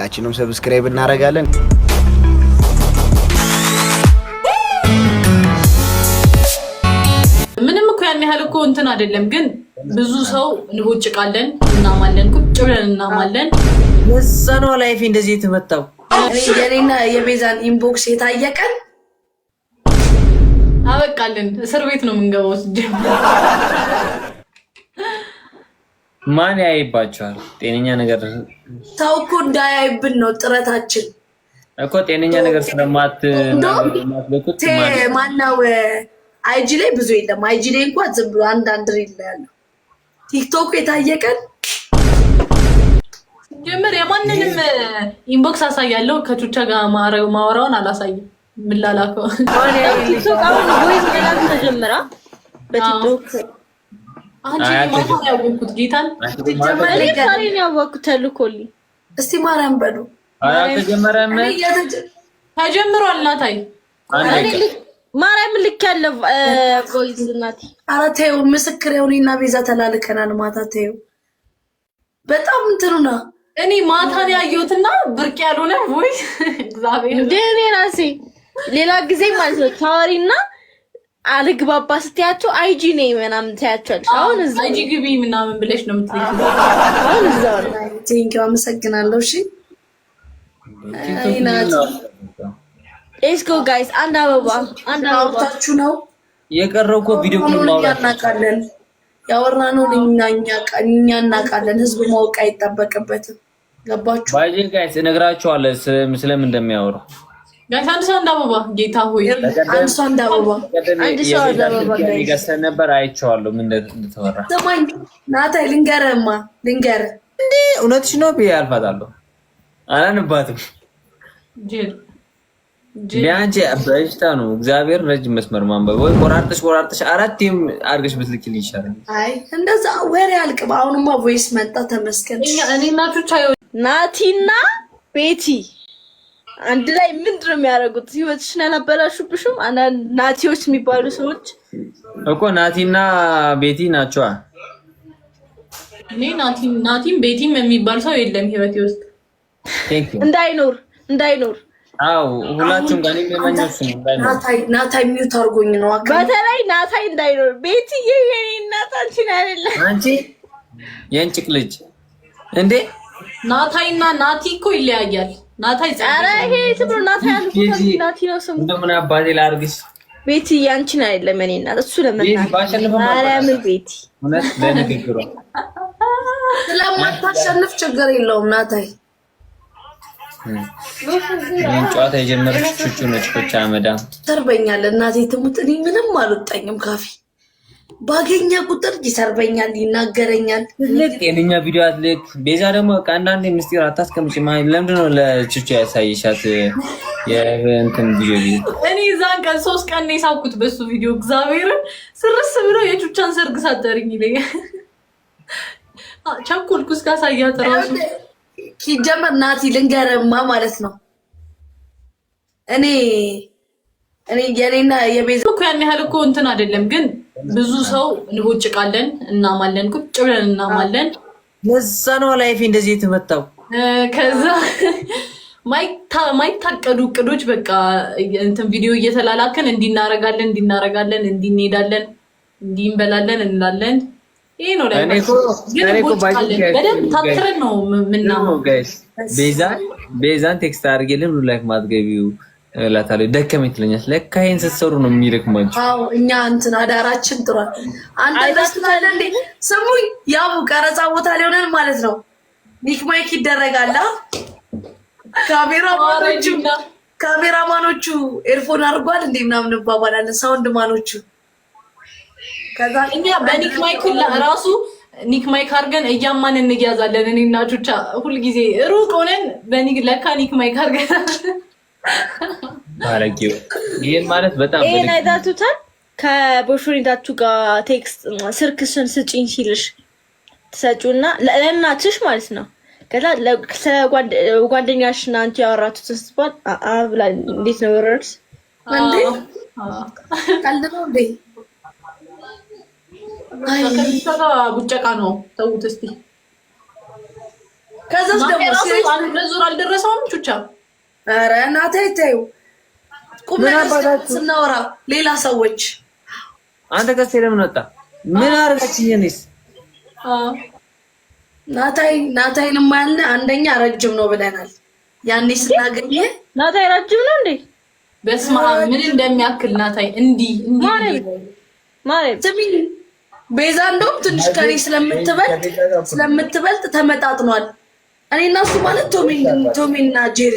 ሁላችንም ሰብስክራይብ እናደርጋለን። ምንም እኮ ያን ያህል እኮ እንትን አይደለም፣ ግን ብዙ ሰው እንቦጭቃለን፣ እናማለን፣ ቁጭ ብለን እናማለን። የዛ ላይፌ እንደዚህ የተመጣው የኔና የቤዛን ኢንቦክስ የታየቀን አበቃለን እስር ቤት ነው የምንገባው ስጀምር ማን ያይባቸዋል? ጤነኛ ነገር ሰው እኮ እንዳያይብን ነው ጥረታችን እኮ። ጤነኛ ነገር ስለማት ማናው አይጂ ላይ ብዙ የለም። አይጂ ላይ እንኳን ዝም ብሎ አንድ አንድ ሪል ያለው ቲክቶክ የታየቀን ጀምር። የማንንም ኢንቦክስ አሳያለው። ከቹቻ ጋር ማወራውን አላሳይም። ምላላከው ቲክቶክ አሁን ወይስ ገና ተጀምራ በቲክቶክ ያወቅኩት ጌታን ዛሬ እስቲ ማርያም በሉ ተጀምሯል። እናታይ ማርያም ልክ ያለው ኧረ ተይው ምስክር እና ቤዛ ተላልከናል ማታ። ተይው በጣም እንትኑና እኔ ማታን ያየሁትና ብርቅ ያልሆነ ወይ እግዚአብሔር እንደ እኔ ራሴ ሌላ ጊዜ ማለት ነው ታዋሪና አልግባባ ስትያቸው አይጂ ነኝ ምናምን ትያቸዋለሽ። አሁን እዛ አይጂ ግቢ ምናምን ብለሽ ነው የምትለው። አሁን እዛ ነው። ቴንኪው አመሰግናለሁ። እሺ ጋይስ። አንድ አበባ አንድ ነው የቀረው እኮ ቪዲዮ ክሊፕ ነው ያናቃለን። ለኛኛ እኛ እናቃለን። ህዝቡ ማወቅ አይጠበቅበትም። ገባችሁ? ባይጂ ጋይስ እነግራችኋለሁ ስለምን እንደሚያወራ አንድ ሰው እንደ አበባ ጌታ ሆይ አንድ ሰው እንደ አበባ ነበር አይቼዋለሁ። ምን እንደተወራ ናታ እውነትሽ ነው ብዬ አልፋታለሁ። አላንባትም ቢያንቺ በሽታ ነው። እግዚአብሔር ረጅም መስመር ማንበብ ወይ ቆራርጥሽ ቆራርጥሽ አራቴም አድርገሽ ብትልኪልኝ ይሻላል። አይ እንደዛ ወሬ አልቅም። አሁንማ ቮይስ መጣ ተመስገን። እኔ እናቶች ናቲና ቤቲ አንድ ላይ ምንድን ነው የሚያደርጉት? ህይወትሽን አላበላሹብሽም? ናቲዎች የሚባሉ ሰዎች እኮ ናቲና ቤቲ ናቸዋ። እኔ ናቲም ቤቲም የሚባል ሰው የለም ህይወቴ ውስጥ እንዳይኖር እንዳይኖር። አዎ ሁላችሁም ጋር የሚመኘሱ ናታይ ሚዩት አድርጎኝ ነው። በተለይ ናታይ እንዳይኖር። ቤቲ የኔ እናት አንቺን አይደለ አንቺ የእንጭቅ ልጅ እንዴ ናታይና ናቲ እኮ ይለያያል። ናታይ ናታይ ነው ቤቲ ያንቺን አይደለም እኔ እና እሱ ለመናገር ቤቲ ስለማታሸንፍ ችግር የለውም። ናታይ ጨዋታ የጀመረች ቹቹ ነች። ኮቻ መዳም ተርበኛል። እናቴ ትሙት እኔ ምንም አልወጣኝም ካፌ ባገኛ ቁጥር ይሰርበኛል፣ ይናገረኛል። ጤነኛ ቪዲዮ አትልክ። ቤዛ ደግሞ ከአንዳንድ ምስጢር አታስቀምጭ። ለምንድን ነው ለችቹ ያሳይሻት የእንትን ቪዲዮ? እኔ እዛን ቀን ሶስት ቀን ነው የሳኩት በሱ ቪዲዮ። እግዚአብሔርን ስርስ ብለው የቹቻን ሰርግ ሳጠርኝ ይለኛል። ቸኮልኩ እስካሳያት ራሱ ኪጀመር ናቲ ልንገረማ ማለት ነው እኔ እኔ የኔና የቤዛ እኮ ያን ያህል እኮ እንትን አይደለም ግን ብዙ ሰው እንቦጭቃለን፣ እናማለን፣ ቁጭ ብለን እናማለን። ለዛ ነው ላይፌ እንደዚህ የተመጣው። ከዛ ማይታቀዱ እቅዶች በቃ እንትን ቪዲዮ እየተላላክን እንዲናረጋለን እንዲናረጋለን እንዲንሄዳለን እንዲንበላለን እንላለን። ይሄ ነው ላይበደንብ ታትረን ነው ምናምን ቤዛን ቴክስት አድርጌ ላይፍ ማትገቢው እላታለሁ። ደከመኝ ትለኛለች። ለካ ይሄን ስትሰሩ ነው የሚደክማቸው። አዎ እኛ እንትን አዳራችን ጥሯል። አንተ ደስታለ እንዴ? ስሙኝ፣ ያው ቀረጻ ቦታ ሊሆነን ማለት ነው። ሚክ ማይክ ይደረጋል። ካሜራ ማኖቹ ካሜራ ማኖቹ ኤርፎን አድርጓል እንዴ ምናምን እንባባላለን። ሳውንድ ማኖቹ ከዛ እኛ በኒክ ማይክ ራሱ ኒክ ማይክ አድርገን እያማን እንያዛለን። እኔና ቹቻ ሁልጊዜ ሩቅ ሆነን በኒክ ለካ ኒክ ማይክ አድርገን ማረጊው ይሄን ማለት በጣም ይሄን አይታችሁታል። ከቦሽሪዳችሁ ጋር ቴክስት ስልክሽን ስጪኝ ሲልሽ ትሰጪውና ለእናትሽ ማለት ነው። ከዛ ስለጓደኛሽና አንቺ ያወራችሁትን ስትባል ብላ እንዴት ነው ወረርስ ቡጨቃ ነው ተውት እስኪ። ከዛ ደግሞ ዙር አልደረሰውም ቹቻ ኧረ እናቴ ተይው፣ ቁም ስናወራ ሌላ ሰዎች። አንተ ቀስቴ ለምን ወጣ? ምን እኔስ ናታይ ናታይንም አንደኛ ረጅም ነው ብለናል። ያኔ ስናገኘ ናታይ ረጅም ነው እንዴ? በስመ አብ ምን እንደሚያክል ናታይ። እንዲህ እንዲህ ማለት ስሚኝ፣ ቤዛ እንደውም ትንሽ ከኔ ስለምትበልጥ ስለምትበልጥ ተመጣጥኗል። እኔ እና እሱ ማለት ቶሚ ቶሚና ጄሪ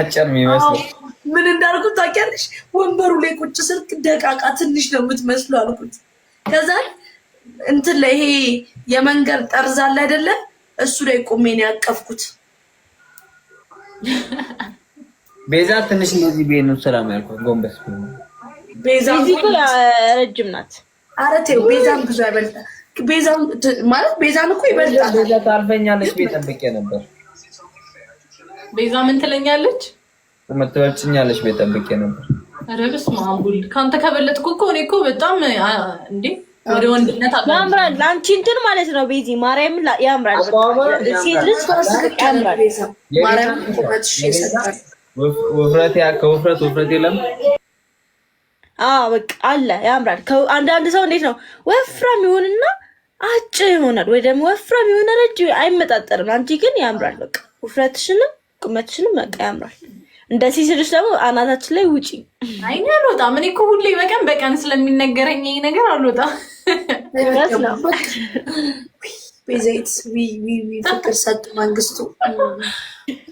አጭር የሚመስለው ምን እንዳልኩት ታውቂያለሽ? ወንበሩ ላይ ቁጭ ስልክ ደቃቃ ትንሽ ነው የምትመስሉ አልኩት። ከዛ እንትን ላይ ይሄ የመንገድ ጠርዝ አለ አይደለ? እሱ ላይ ቁሜ ነው ያቀፍኩት። ቤዛ ትንሽ እንደዚህ ቤት ነው ሰላም ያልኩት። ጎንበስ ቤዛ ረጅም ናት። ኧረ ተይው፣ ቤዛን ብዙ አይበልጣ። ቤዛን ማለት ቤዛን እኮ ይበልጣል። ቤዛ ታርፈኛለች። ቤት ጠብቄ ነበር ቤዛ ምን ትለኛለች? ምትበልጭኛለች ቤት ጠብቄ ነበር። ኧረ በስመ አብ ወልድ። ከአንተ ከበለጥኩ እኮ እኔ እኮ በጣም እንዴ ወደ ያምራል። ለአንቺ እንትን ማለት ነው ቤዚ ማርያም ያምራል። ሴት ልጅ ያምራል። ከውፍረት ውፍረት የለም በቃ አለ ያምራል። አንዳንድ ሰው እንዴት ነው ወፍራም ይሆንና አጭር ይሆናል፣ ወይ ደግሞ ወፍራም ይሆናል ረጅም አይመጣጠርም። አንቺ ግን ያምራል። በቃ ውፍረትሽንም ቁመትሽንም በቃ ያምራል። እንደዚህ ስልሽ ደግሞ አናታችን ላይ ውጪ። አይ አልወጣም። ምን እኮ ሁሌ በቀን በቀን ስለሚነገረኝ ይሄ ነገር አልወጣም። ቤዛዊት ፍቅር ሰጡ መንግስቱ።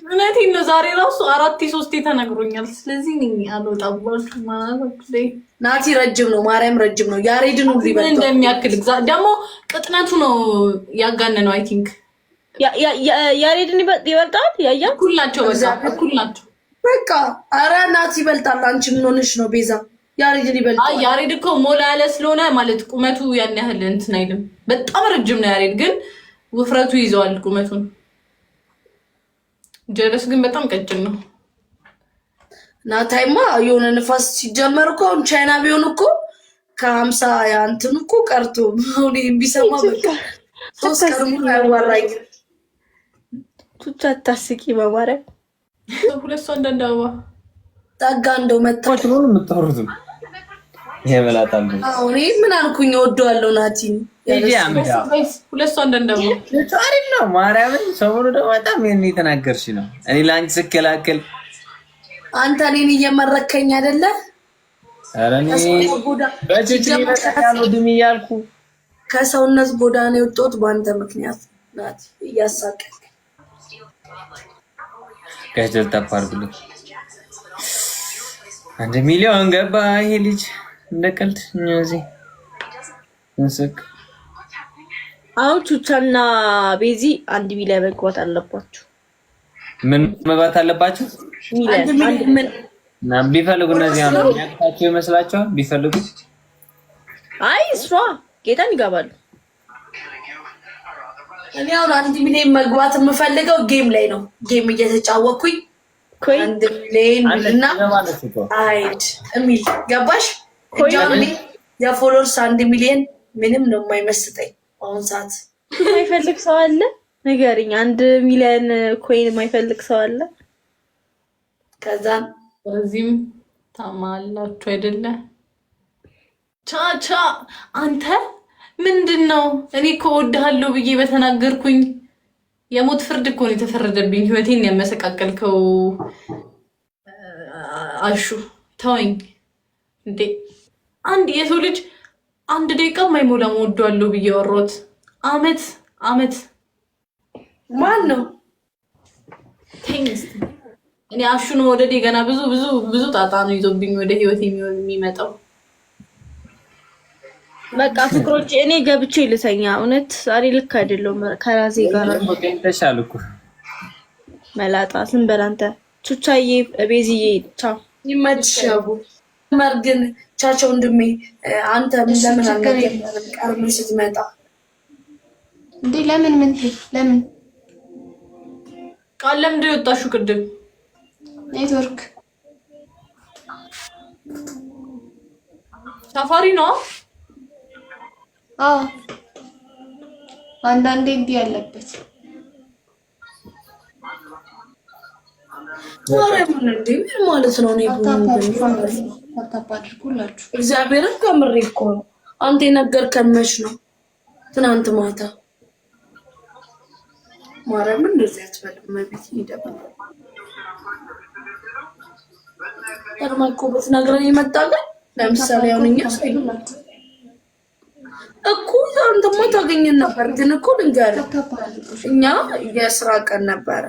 እውነቴን ነው። ዛሬ ራሱ አራት ሶስቴ ተነግሮኛል። ስለዚህ አልወጣም። ናቲ ረጅም ነው። ማርያም ረጅም ነው። ያሬድን ሁሉ ይበልጣል እንደሚያክል ደግሞ ቅጥነቱ ነው ያጋነነው አይ ቲንክ ያሬድን ይበልጣል። ያያ እኩል ናቸው፣ እኩል ናቸው። በቃ አረ ናት ይበልጣል። አንቺ ምን ሆነሽ ነው ቤዛ? ያሬድን ይበልጣል። ያሬድ እኮ ሞላ ያለ ስለሆነ ማለት ቁመቱ ያን ያህል እንትን አይልም። በጣም ረጅም ነው ያሬድ፣ ግን ውፍረቱ ይዘዋል ቁመቱን። ጀረስ ግን በጣም ቀጭን ነው። ናታይማ የሆነ ንፋስ ሲጀመር እኮ አሁን ቻይና ቢሆን እኮ ከሀምሳ ያንትን እኮ ቀርቶ ቢሰማ በቃ ሶስት ቀርሙ ያዋራኝ ቱቻ አታስቂ በማርያም ሁለት ሰው እንደንዳባ ጠጋ እንደው መጣች ነው የምታወሩት። ይሄ መላጣ እኔ ምን አልኩኝ? እወደዋለሁ ናቲን ሁለት ሰው እንደንዳባ አበባ አሪፍ ነው። ማርያምን ሰሞኑ ደግሞ በጣም ይሄን የተናገርሽ ነው። እኔ ለአንቺ ስከላከል አንተ እኔን እየመረከኝ አይደለ? ኧረ እያልኩ ከሰውነት ጎዳና የወጣሁት በአንተ ምክንያት ናት እያሳቀኝ ገደል ጠብ አድርጉልኝ። አንድ ሚሊዮን ገባ። ይሄ ልጅ እንደ ቀልድ እነዚህ እንስክ አሁን ቹቻና ቤዚ አንድ ሚሊዮን መግባት አለባችሁ። ምን መግባት አለባችሁ? ሚሊዮን ቢፈልጉ እነዚህ አሁን ያካቸው ይመስላችኋል? ቢፈልጉ አይ እሷ ጌታን ይገባሉ። እኔ አሁን አንድ ሚሊዮን መግባት የምፈልገው ጌም ላይ ነው። ጌም እየተጫወኩኝ አንድ ሚሊዮን ሚልና አይድ የሚል ገባሽ? እጃሁን እኔ የፎሎርስ አንድ ሚሊዮን ምንም ነው የማይመስጠኝ አሁን ሰዓት። የማይፈልግ ሰው አለ ንገሪኝ። አንድ ሚሊዮን ኮይን የማይፈልግ ሰው አለ? ከዛን በዚህም ታማላችሁ አይደለ? ቻ ቻ አንተ ምንድን ነው? እኔ እኮ እወድሃለሁ ብዬ በተናገርኩኝ የሞት ፍርድ እኮ ነው የተፈረደብኝ። ህይወቴን ያመሰቃቀልከው አሹ ተወኝ እንዴ! አንድ የሰው ልጅ አንድ ደቂቃ ማይሞላ መወዷለሁ ብዬ ወሮት አመት አመት ማን ነው? እኔ አሹን ወደዴ ገና ብዙ ብዙ ብዙ ጣጣ ነው ይዞብኝ ወደ ህይወት የሚመጣው በቃ ፍቅሮች እኔ ገብቼ ልተኛ። እውነት ዛሬ ልክ አይደለሁም ከራሴ ጋር መላጣ ስም በላንተ አንተ። ቹቻዬ ቤዝዬ ቻው፣ ይመችሽ። መር ግን ቻቸው ወንድሜ፣ አንተ ምን ለምን ቀርም ስትመጣ እንዴ? ለምን ምን ለምን ቃል ለምንድ የወጣሽው? ቅድም ኔትወርክ ሳፋሪ ነው አዎ አንዳንዴ እንዲህ ያለበት ማርያምን እንዴ ምን ማለት ነው? እኔ አድርጉላችሁ። እግዚአብሔርን ከምሬ እኮ ነው። አንተ የነገርከን መች ነው? ትናንት ማታ ማርያምን እንደዚህ አትበልም። መቤት ይደባል ቀድማ እኮ ብትነግረን ይመጣል። ለምሳሌ አሁን እኛ ሳይላችሁ እኮ ያን ደግሞ ታገኘን ነበር። ግን እኮ ልንገርህ እኛ የስራ ቀን ነበረ።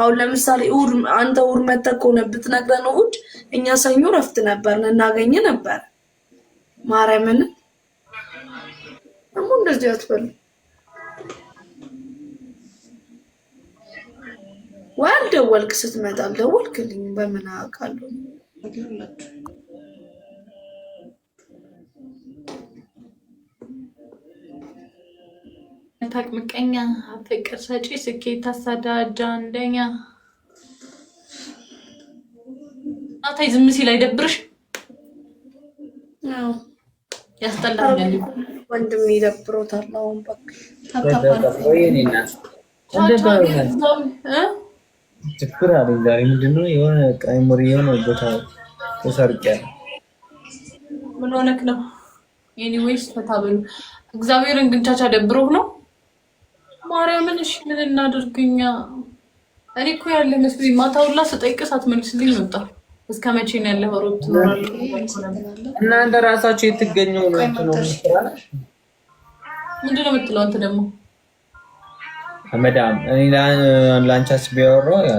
አሁን ለምሳሌ እሑድ አንተ እሑድ መተህ ከሆነ ብትነግረን እሑድ፣ እኛ ሰኞ ረፍት ነበር፣ እናገኝ ነበር። ማርያምን ደግሞ እንደዚህ አትበል። ወይ አልደወልክ ስትመጣ አልደወልክልኝ፣ በምን አውቃለሁ? አታውቅ ምቀኛ፣ ፍቅር ሰጪ፣ ስኬት ታሳዳጅ፣ አንደኛ። አታይ ዝም ሲል አይደብርሽ? ያስጠላል። ወንድም ይደብሮታል። አሁን እባክሽ ችግር አለኝ ዛሬ። ምንድን ነው የሆነ ቃይሞሪ የሆነ ቦታ ተሰርቄያለሁ። ምን ሆነክ ነው? ኤኒዌይስ ፈታ በሉ። እግዚአብሔርን ግንቻቻ ደብሮህ ነው ማርያምን እሺ ምን እናደርግኛ? እኔ እኮ ያለ መስሎኝ ማታ ሁላ ስጠይቅስ አትመልስልኝ ወጣ። እስከ መቼ ነው ያለ ሆሮ ትኖራለ? እናንተ ራሳችሁ የትገኙ ነው የምትለው አንተ ደግሞ መዳም እኔ ላንቻስ ቢያወራ